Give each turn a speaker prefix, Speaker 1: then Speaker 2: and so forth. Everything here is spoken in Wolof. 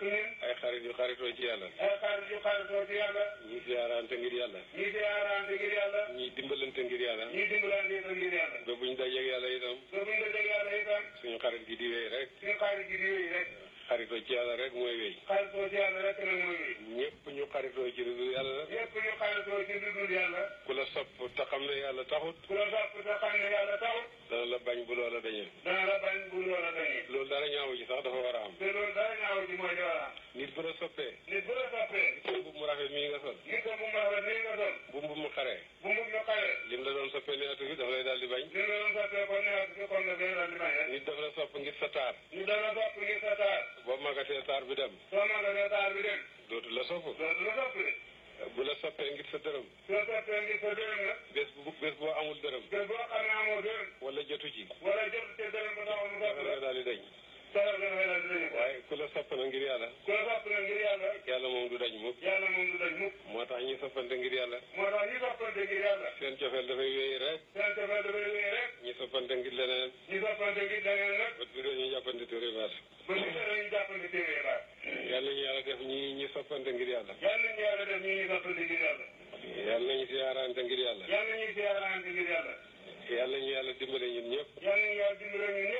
Speaker 1: muttaqin ay xarit yu xaritoo ci yàlla ay xarit yu xaritoo ci yàlla ñi siyaarante ngir yàlla ñi siyaarante ngir yàlla ñi dimbalante ngir yàlla ñi dimbalante ngir yàlla ba buñ dajeeg yàlla itam ba buñ dajeeg yàlla itam suñu xarit gi di wéy rek suñu xarit gi di wéy rek xaritoo ci yàlla rek mooy wéy xaritoo ci yàlla rek nag mooy wéy ñëpp ñu xaritoo ci dudul yàlla ñëpp ñu xaritoo ci dudul yàlla ku la sopp te xam ne yàlla taxut ku la sopp te xam ne yàlla taxut dana la bañ bu loola dañee dana la bañ bu loola dañee loolu dara ñaawu ci sax dafa war a am gi mooy joolaa. nit bu la soppee. nit bu la soppee. nit bu mu rafet nit bu mu rafet mii bu la doon soppee néewtu lay daal di bañ. lim la doon soppee kon néewtu bi nit dafa la sopp ngir sa taar. nit magatee taar bi dem. soo magatee taar bi dem. dootu la sopp. dootu la sopp de. bu la soppee ngir sa dërëm. soo la. bés bu bés boo amul dërëm. bés boo sagar dana melal dinañu ko. waaye ku la soppala ngir yàlla. ku la soppala ngir yàlla. yàlla moom du daj mukk. yàlla moom du daj mukk. moo tax ñuy soppante ngir yàlla. moo tax ñuy soppante ngir yàlla. seen cofeel dafay wéy rek. seen cofeel dafay wéy rek. ñi soppante ngir leneen. ñi soppante ngir leneen rek. bët bi dañuy jàppante téere baas. bët bi dañuy jàppante téere baas. yàlla ñu yàlla def ñi ñi soppante ngir yàlla. yàlla ñu yàlla def ñi ñi soppante ngir yàlla. yàlla ñu siyaarante ngir yàlla. yàlla ñu siyaarante ngir yàlla. yàlla ñu yàlla dimbale ñun ñëpp. yàlla ñu yàlla dimbale ñun ñëpp.